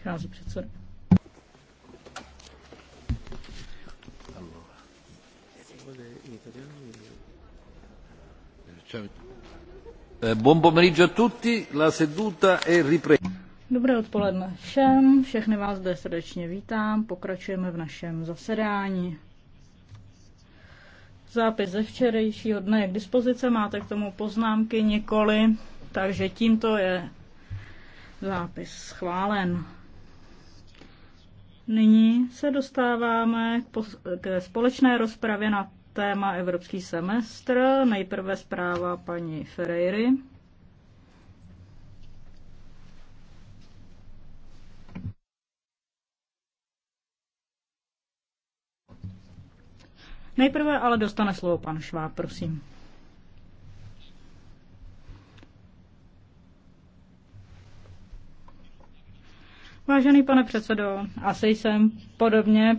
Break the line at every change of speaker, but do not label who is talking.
přichází předseda. Eh, Dobré odpoledne všem, všechny vás zde srdečně vítám, pokračujeme v našem zasedání. Zápis ze včerejšího dne je k dispozici, máte k tomu poznámky nikoli, takže tímto je zápis schválen. Nyní se dostáváme k, k společné rozpravě na téma Evropský semestr. Nejprve zpráva paní Ferreiry. Nejprve ale dostane slovo pan Šváb, prosím. Vážený pane předsedo, asi jsem podobně